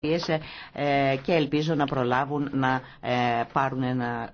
Ε, ε, και ελπίζω να προλάβουν να ε, πάρουν ένα